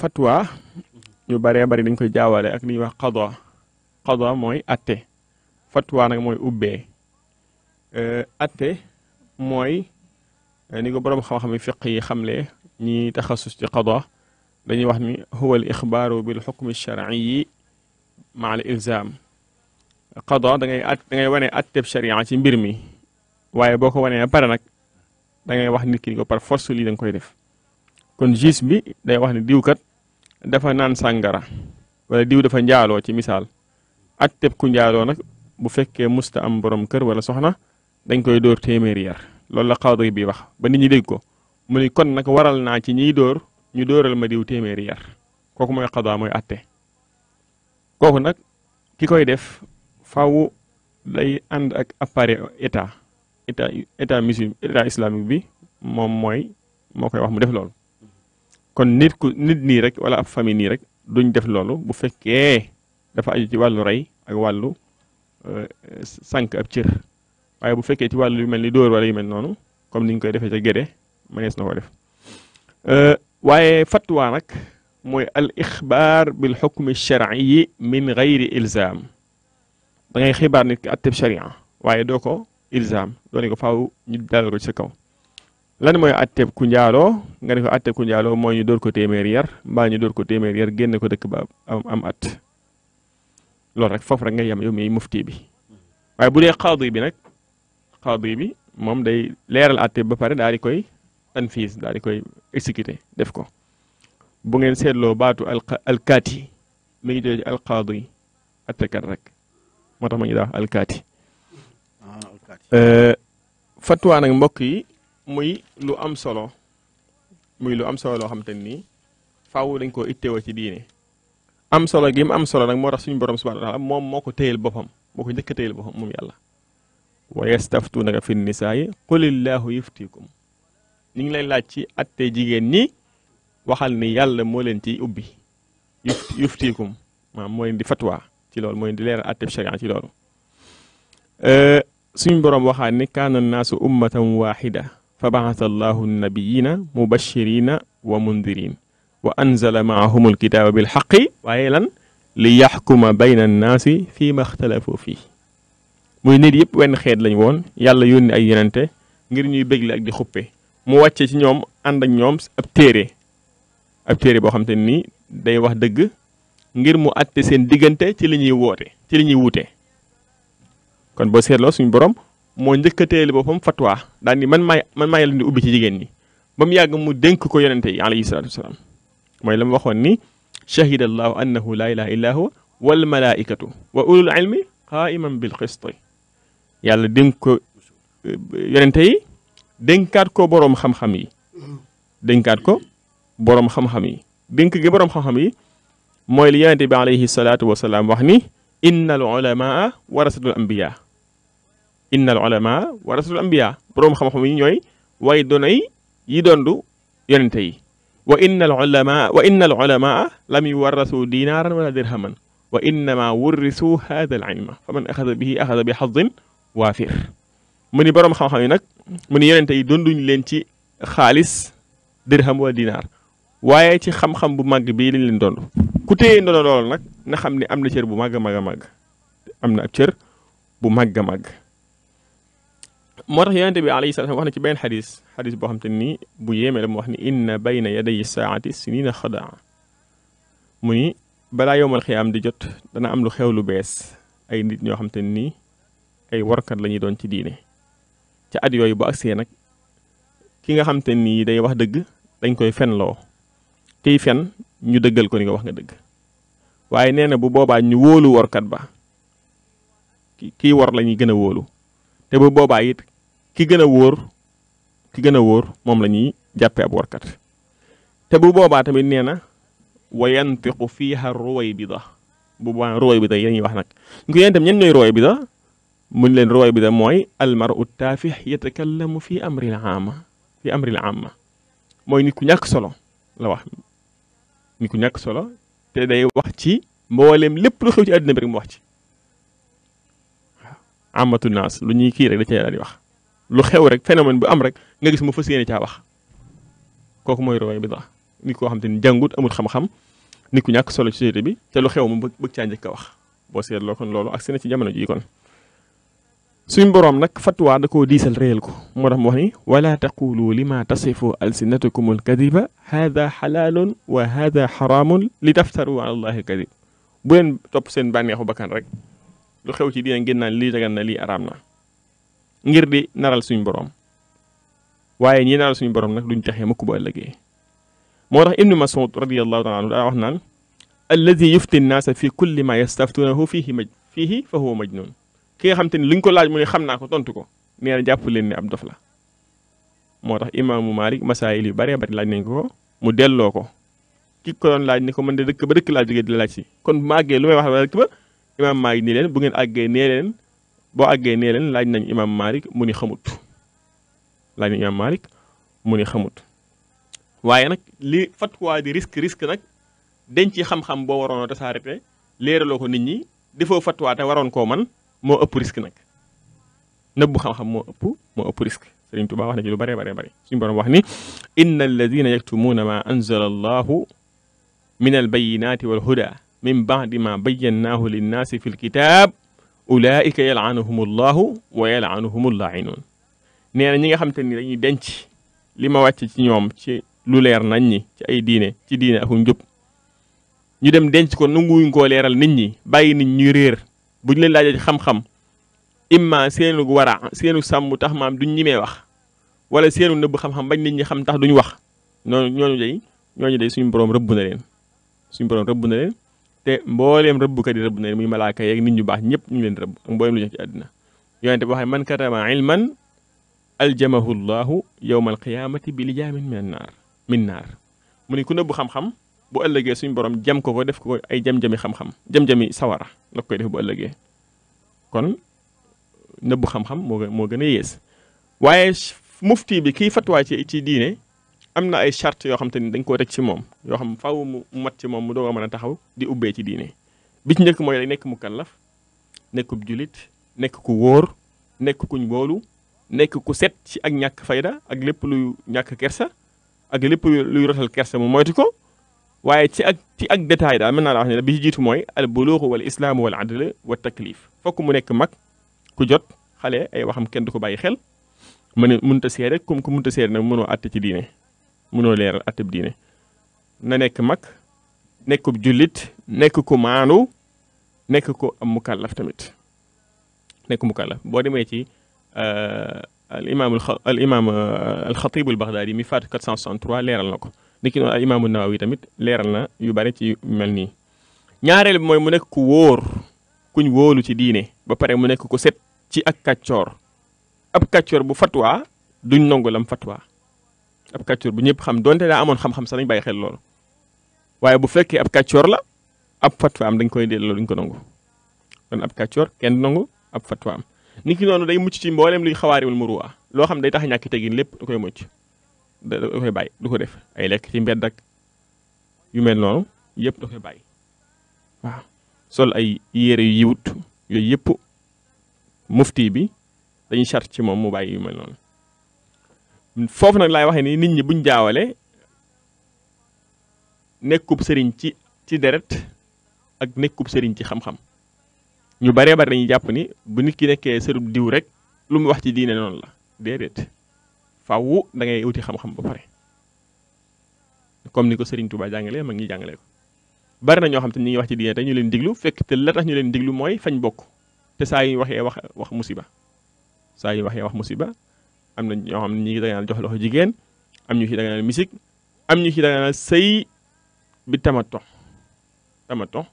fatwa ñu bëree bëri dañ koy jaawale ak ni wax qada qada moy atte fatwa nak moy ubbé euh atte moy ni ko borom xam-xam fiqh yi xamle ñi taxasus ci qada dañuy wax ni huwa al ikhbaru bil hukm al shar'i ma al ilzam qada da ngay at da ngay wone atte sharia ci mbir mi waye boko wone wanee nak da ngay wax nit ki ni ko par force li dang koy def kon juge bi day wax ni diw kat dafa naan sàngara wala diw dafa njaaloo ci misaal at teb ku njaaloo nag bu fekkee musta am borom kër wala soxna dañ koy dóor téeméeri yar loolu la xaadi bi wax ba nit ñi dégg ko mu ni kon nag waral naa ci ñiy dóor ñu dóoral ma diw téeméeri yar kooku mooy xadaa mooy atte kooku nag ki koy def faw day ànd ak appareil état état état musulman état islamique bi moom mooy moo koy wax mu def loolu kon nit ku nit ni rek wala ab famille nii rek duñ def lolu bu fekke dafa aju ci walu ray ak wàllu sank ab cër waye bu fekke ci walu yu melni dóor wala yu mel nonu comme niñ koy defee ci géde manes na ko def euh waye fatwa nak moy al ikhbar bil hukm xukmi shari min ghayri ilzam da ngay xibar nit ki atteb sharia waye doko ilzam do ni ko faaw ñu dal ko ci kaw lan mooy atteeb ku njaalo nga ne ko atteeb ku mooy ñu dóor ko téeméeri yar mbaa ñu dóor ko téeméeri yar génn ko dëkk ba am at loolu rek foofu rek nga yem yow mufti bi waaye bu dee xaadi bi nag xaadi bi moom day leeral atteeb ba pare daal di koy tanfis daal di koy exécuté def ko bu ngeen loo baatu al alkaati mi ngi jëlee ci alqaadi attekat rek moo tax ma ngi daa alkaati fatwa nag mbokk yi muy lu am solo muy lu am solo loo xam te nii faaw dañ koo itteewoo ci diine am solo gi mu am solo nag moo tax suñu borom subhanahu wa moom moo ko téyel boppam moo ko njëkk a téyel boppam moom yàlla wa yastaftuunaka fi nisaayi qulillaahu yuftikum ñu ngi lay laaj ci atte jigéen ñi waxal ni yàlla moo leen ciy ubbi yufti yuftikum maanaam moo leen di fatwa ci loolu moo leen di leeral atte sharia ci loolu suñu borom waxaat ni kaana naasu ummatan waahida فبعث الله النبيين مبشرين ومنذرين وأنزل معهم الكتاب بالحق وأيلا ليحكم بين الناس فيما اختلفوا فيه موي نيت ييب وين خيت لاني وون يالا يوني اي يوننتي غير ني بيغ لي اك دي خوبي مو واتي سي نيوم اند اك نيوم اب تيري اب تيري بو خامتني ني داي واخ دغ غير مو اتي سين ديغنتي تي لي ني ووتي تي لي ني ووتي كون بو سيرلو سوني بروم moy ndeuk a téyel boppam fatwa dal ni man may man may leen di ubbi ci jigen ñi bam yag mu dénk ko yonente alayhi salatu wasalaam moy lam waxon ni shahida allah annahu la ilaha illa huwa wal malaikatu wa ulul ilmi qaiman bil qisti yàlla dénk ko yonente yi dénkaat ko borom xam-xam yi dénkaat ko borom xam-xam yi dénk ge borom xam-xam yi moy li yonente bi alayhi salatu wasalaam wax ni inna al ulamaa warasatul ambiya innal ulama warasatul anbiya boroom xam-xam yi ñooy way doonay yi dondu yonente yi wa innal ulama wa innal ulama lam yuwarrasu dinaran wala dirhaman wa innama wurrisu hada al ilma fa man axada bihi axada bi xadin waafir mu ni boroom xam-xam yi nag mu ni yonente yi donduñ leen ci xaalis dirham wala dinaar waaye ci xam-xam bu màgg bii lañ leen dondu ku téye ndono lool nag na xam ne am na cër bu màgg a màgg a màgg am na ab cër bu màgg a màgg moo tax yonente bi alayhi salaam wax na ci benn xadis xadis boo xam te ni bu yéeme la mu wax ni inna bayna yaday saati sinina xadaa mu ni balaa yowmal xiyaam di jot dana am lu xew lu bees ay nit ñoo xam te nii ay warkat lañuy doon ci diine ca at yooyu bu agsee nag ki nga xam te nii day wax dëgg dañ koy fenloo kiy fen ñu dëggal ko ni nga wax nga dëgg waaye nee na bu boobaa ñu wóolu workat ba kii war lañuy ñuy gën a wóolu te bu boobaa it ki gën a wóor ki gën a wóor moom la ñuy jàppee ab warkat te bu boobaa tamit nee na wa yantiqu fiiha ruwaybida bu boobaa ruwaybida yi dañuy wax nag ñu ko yéen itam ñen ñooy ruwaybida muñ leen ruwaybida mooy almaru taafix yatakallamu fi amril aama fi amril aama mooy nit ku ñàkk solo la wax nit ku ñàkk solo te day wax ci mbooleem lépp lu xew ci àddina bi rek mu wax ci waaw amatu naas lu ñuy kii rek da cee daal di wax lu xew rek phénomène bu am rek nga gis mu fassiyene ci caa wax kooku mooy rowaay bidaa nit ko xamanteni jàngut amul xam-xam nit ku ñak solo ci société bi te lu xew mu bëgg ci ñëk wax bo sét lo kon lolu ak sene ci jamono ji kon. suñ borom nak fatwa da ko diisal reel ko mo tax wax ni wala taqulu lima tasifu alsinatukum alkadiba hadha xalaalun wa hadha xaraamun li taftaru ala allahi alkadib bu len top sen banexu bakan rek lu xew ci diina ngeen naan lii dagan na lii araam ngir di naral suñu borom waye ñi naral suñu borom nak duñ taxé mako bo ëllëgé motax ibnu masud radiyallahu taala da wax naan alladhi yufti an-nas fi kulli ma yastaftunahu fihi maj fihi fa huwa majnun ki nga xamanteni liñ ko laaj mu ni xamna ko tontu ko neena jàpp leen ni am dof la motax imam malik masail yu bari bari laaj nañ ko mu dello ko ki ko don laaj ni ko man de dëkk ba dëkk laaj jógee di laaj ci kon magge lu may wax rek ba imam malik ni leen bu ngeen agge ne leen bo agge ne len laaj nañ imam Malik muni xamut laaj imam Malik muni xamut waye nak li fatwa di risque risque nak den ci xam-xam bo warono ta tasaare te nit ñi defo fatwa te waron ko man mo upp risque nak nëbbu xam-xam mo upp mo upp risque serigne touba wax na ci lu bare bare bare suñu borom wax ni innal alladina yaktumuna ma anzala allah min al bayyinati wal huda min ba'di ma bayyanahu lin nas fi kitab ulaika yalanuhumullahu wa yalanuhumul laainun nee na ñi nga xamante ni dañuy denc li ma wàcc ci ñoom ci lu leer nañ ñi ci ay diine ci diine ak njub ñu dem denc ko nanguwuñ koo leeral nit ñi bàyyi nit ñuy réer buñ leen laajee ci xam-xam imma seenu wara seenu sàmm tax maam duñ ñimee wax wala seenu nëbb xam-xam bañ nit ñi xam tax duñ wax noonu ñooñu day ñooñu day suñu borom rëbb na leen suñu borom rëbb na leen te mbooleem rëbbkat yi rëbb na muy malaaka yeeg nit ñu baax ñëpp ñu leen rëbb ak mbooleem lu ñu ci àddina yonente bi waxee man katama ilman aljamahu llahu yowma alqiyamati bi lijaamin min naar mu ni ku nëbb xam bu ëllëgee suñu borom jam ko ko def ko ay jam-jami xam-xam jam sawara la koy def bu ëllëgee kon nëbb moo gën a yées waaye mufti bi kii fatwaa ci ci diine am na ay charte yoo xam te ni dañ koo teg ci moom yoo xam faaw mu mat ci moom mu doog a mën a taxaw di ubbee ci diine bi ci njëkk mooy day nekk mu kallaf nekkub julit nekk ku wóor nekk kuñ boolu nekk ku set ci ak ñàkk fayda ak lépp luy ñàkk kersa ak lépp luy rotal kersa mu moytu ko waaye ci ak ci ak détail daal mën naa la wax ne bi ci jiitu mooy al buluuxu wal islaamu wal adl wa taklif fokk mu nekk mag ku jot xale ay waxam kenn du ko bàyyi xel mën mënut a kum ko ku mënut a seere nag mënoo àtte ci diine mënoo leeral atteb diine na nekk mag nekkub jullit nekk ku maanu nekk ku am mukallaf tamit nekk mukallaf boo demee ci al imaam al imaam al xatiibul baxdaadi mi faatu 463 leeral na ko ni ki noonu al imaamu nawawi tamit leeral na yu bari ci mel nii ñaareel bi mooy mu nekk ku wóor kuñ wóolu ci diine ba pare mu nekk ku set ci ak kàccoor ab kàccoor bu fatwa duñ nongu lam fatwa ab kàccoor bu ñëpp xam donte daa amoon xam-xam sax dañ bàyyi xel loolu waaye bu fekkee ab kàccoor la ab fatwa am dañ koy delloo duñ ko nangu kon ab kàccoor kenn nongu ab fatwa am nit ki noonu day mucc ci mbooleem luy xawaarimul muruwa loo xam day tax ñàkk tegin lépp da koy mucc da koy bàyyi du ko def ay lekk ci mbedd ak yu mel noonu yëpp da koy bàyyi waaw sol ay yére yu yiwut yooyu yëpp mufti bi dañuy charte ci moom mu bàyyi yu mel noonu foofu nag laay waxee ni nit ñi buñ jaawale nekkub sëriñ ci ci deret ak nekkub sëriñ ci xam-xam ñu baree bari nañu jàpp ni bu nit ki nekkee sërub diw rek lu mu wax ci diine noonu la déedéet faaw dangay wuti xam-xam ba pare comme ni ko sëriñ Touba jàngalee mag ñi jàngale ko bari na ñoo xam te ñu ngi wax ci diine te ñu leen diglu fekk te la tax ñu leen diglu mooy fañ bokk te saa yu waxee wax wax musiba saa yu waxee wax musiba am na ñoo xam ne ñi ngi daganal jox loxo jigéen am ñu ci daganal misik am ñu ci daganal sëy bi tamato tamato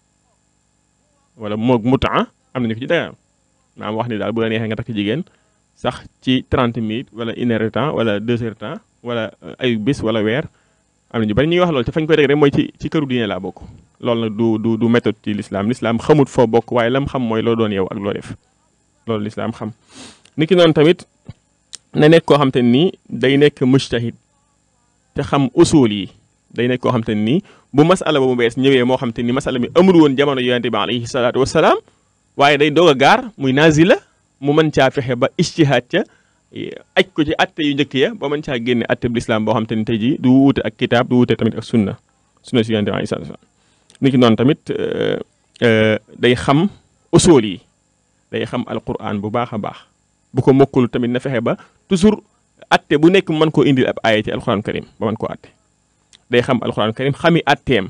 wala moog mutaa am na ñu ko ci daganal maam wax ni daal bu la neexee nga takk jigéen sax ci trente minutes wala une heure de temps wala deux heures de temps wala ay bis wala weer am na ñu bari ñuy wax loolu te fañ koy rek rek mooy ci ci këru diine laa bokk loolu nag du du du méthode ci lislaam lislaam xamut foo bokk waaye lam xam mooy loo doon yow ak loo def loolu lislaam xam niki noonu tamit na nekk koo xam te ni day nekk mujtahid te xam usul yi day nekk koo xam te ni bu masala bu mu bees ñëwee moo xam te ni masala mi amul woon jamono yonente bi alayhi salaatu wasalaam waaye day doog a gaar muy naazila mu mën caa fexe ba ijtihaad ca aj ko ci atte yu njëkk ya ba mën caa génne atte bu lislaam boo xam te ni tey ji du wuute ak kitaab du wute tamit ak sunna sunna si yonente bi alayhi salaatu wasalaam ni ki noonu tamit euh, euh, day xam usul yi day xam alquran bu baax a baax bu ko mokkul tamit na fexe ba toujours atte bu nekk mën koo indil ab aaya ci alxuraan karim ba mën koo atte day xam alxuraan karim xami atteem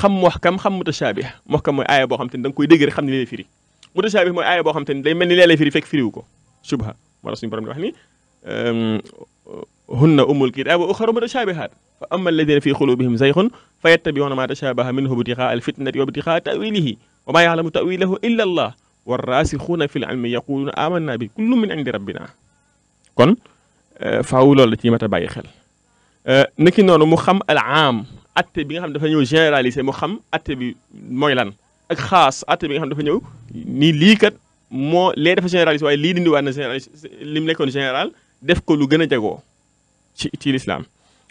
xam muhkam xam mutashaabih muhkam mooy aaya boo xam te ni da nga koy dégg rek xam ne lay firi mutashaabih mooy aaya boo xam te ni day mel ni lee lay firi fekk firiwu ko subha moo tax suñu borom di wax ni hunna ummul kitaab wa uxaru mutashabihaat fa amma alladina fi xulubihim zayxun fa yattabiuna ma tashabaha minhu btigaa alfitnati wa btigaa tawilihi wa ma yaalamu tawilahu illa allah والراسخون في العلم يقولون آمنا بكل من عند ربنا كون آه، فاولو لا تي متا باي خيل آه، نيكي نونو مو خام العام اتي بيغا خام دا فا نيو جينيراليزي مو خام اتي بي موي لان اك خاص اتي بيغا خام دا فا نيو ني لي كات مو لي دا فا جينيراليز واي لي ديندي وان جينيراليز لي ملكون جينيرال ديف كو لو غنا جاغو سي تي الاسلام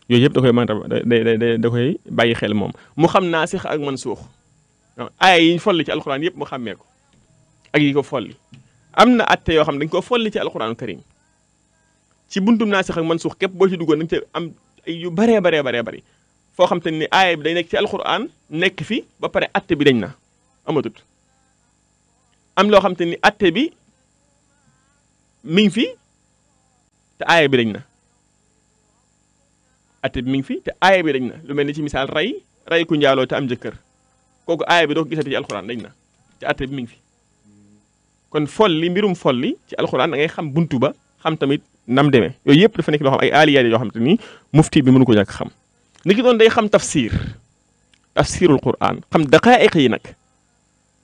يوي ييب داكاي مان داي داي داكاي باي خيل موم مو خام ناسخ اك منسوخ آه، اي فولي تي القران ييب مو خاميكو ak yi ko folli am na atte yoo xam ne dañ ko folli ci alxuraanu karim ci buntum naa sax ak man suux képp boo ci duggoon dañ ci am ay yu baree baree baree bëri foo xam ni aaya bi day nekk ci alxuraan nekk fi ba pare atte bi dañ na amatut am loo xam te ni atte bi mi ngi fi te aaya bi dañ na atte bi mi ngi fi te aaya bi dañ na lu mel ni ci misaal rey rey ku njaaloo te am jëkkër kooku aaya bi doo ko gisati ci alxuraan dañ na te atte bi mi ngi fi kon folli mbirum folli ci alxuraan da xam buntu ba xam tamit nam demee yooyu yëpp dafa nekk loo xam ay aliya yoo xam te ni mufti bi mënu ko ñàkk xam niki doon day xam tafsir tafsirul quran xam daqaa'iq yi nag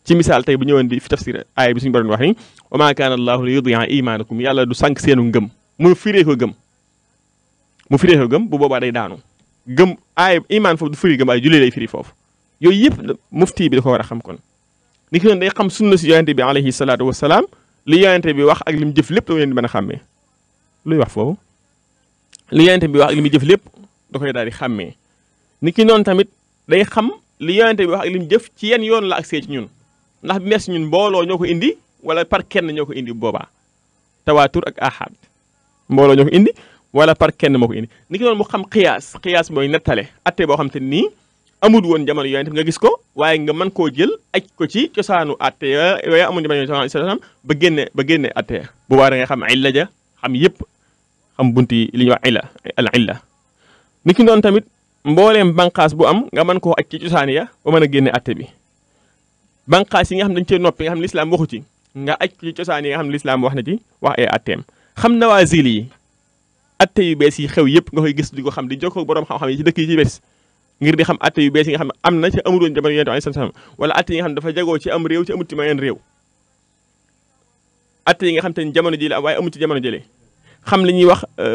ci misaal tey bu ñëwoon di fi tafsir aaya bi suñu borom wax ni wa maa kaana allaahu li yudi'a imaanakum yàlla du sànq seenu ngëm mu firee ko gëm mu firee ko gëm bu boobaa day daanu gëm aaya imaan foofu du firi gëm ay julli lay firi foofu yooyu yëpp bi da ko war a xam kon ni ki noonu day xam sunna si yonente bi alayhi salaatu wasalaam li yonente bi wax ak li mu jëf lépp da leen di mën a xàmmee luy wax foofu li bi wax li mu jëf lépp da koy daal di xàmmee ni ki noonu tamit day xam li yonente bi wax ak li mu jëf ci yenn yoon la agsee ci ñun ndax bi mees ñun mbooloo ñoo ko indi wala par kenn ñoo ko indi boobaa tawaatur ak ahad mbooloo ñoo ko indi wala par kenn moo ko indi ni ki noonu mu xam xiyaas xiyaas mooy nettale atte boo xam te nii amul woon jamono yonent bi nga gis ko waaye nga mën koo jël aj ko ci cosaanu atte yooyu amul jamono yonent bi ba génne ba génne atte bu baax nga xam illa ja xam yëpp xam bunti li ñuy wax illa al illa tamit mbooleem banqaas bu am nga man koo aj ci cosaan ya ba man a génne atte bi banqaas yi nga xam dañ cee noppi nga xam lislaam waxu ci nga aj ko ci cosaan yi nga xam lislaam wax na ci wax ay atteem xam nawaazil yi atte yu bees yi xew yëpp nga koy gis di ko xam di jokkoo borom xam-xam yi ci dëkk yi ci bees ngir di xam atte yu bees yi nga xam ne am na ci amul woon jamono yonent bi wala atte yi nga xam am réew ci amut ci meneen réew yi nga xam te ni jamono ji la waaye amut ci jamono jëlee xam li ñuy wax euh,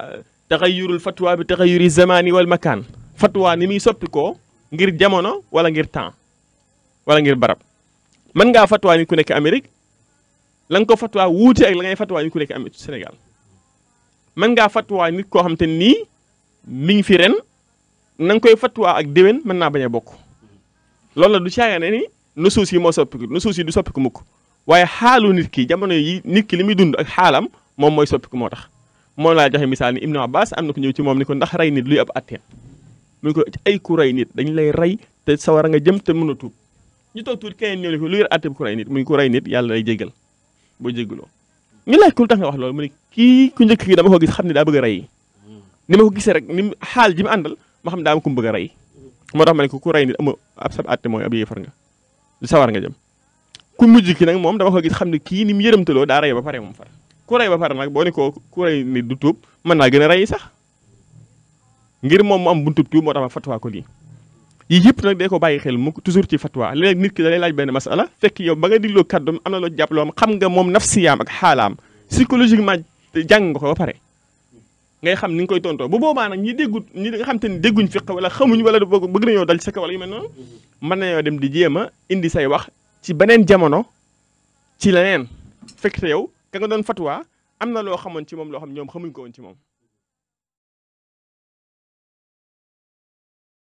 euh, taxayurul fatwa bi taxayuri zamani wal makaan fatwa ni muy soppi koo ngir jamono wala ngir temps wala ngir barab mën ngaa fatwa ni ku nekk Amérique la ko fatwa wuute ak la ngay fatwa ni ku nekk Sénégal mën ngaa fatwa nit koo xam te nii mi ngi fi ren nang koy fatwa ak dewen man na baña a bokk loolu la du caagaane ni nu suus yi moo soppiku nu suus yi du soppiku mukk waye halu nit ki jamono yi nit ki limi dund ak halam mom moy soppiku ko motax mo la joxe misal ni Ibnu Abbas amna ko ñew ci mom ni ko ndax ray nit luy ab atte mu ko ay ku ray nit dañ lay ray te sawara nga jëm te mën a ñu toog tuuti keneen ñew ni ko luy atte ku ray nit mu ko ray nit yalla lay jégal bo jéggulo ñu lay kul tax nga wax lolou mu ku ñëk ki dama ko gis xamni da bëgg ray ni ma ko gisse rek ni hal andal ma xam daa ma ko bëgg a rey moo tax ma ne ko ku rey nit ama ab sab nga lu sawar nga ku mujj ki nag moom dama ko gis xam ne kii ni mu yërëmtaloo daara rey ba pare moom far ku rey ba pare nag boo ne ko ku rey nit du tuub mën naa gën a rey sax ngir moom mu am buntub tuub moo tax ma fatwa ko lii yii yëpp nag dee ko bàyyi xel mu toujours ci fatwa léeg nit ki da lay laaj benn masala fekk yow ba nga digloo kàddoom am na loo jàpp loo xam nga moom nafsiyaam ak xaalaam psychologiquement jàng nga ko ba pare ngay xam ni nga koy tontoo bu boobaa nag ñi déggut ñi nga xam te ni dégguñ fiq wala xamuñ wala bëgg nañoo dal ci sa kaw wala yu mel noonu mën nañoo dem di jéem a indi say wax ci beneen jamono ci leneen fekk te yow ka nga doon fatwa am na loo xamoon ci moom loo xam ñoom xamuñ ko woon ci moom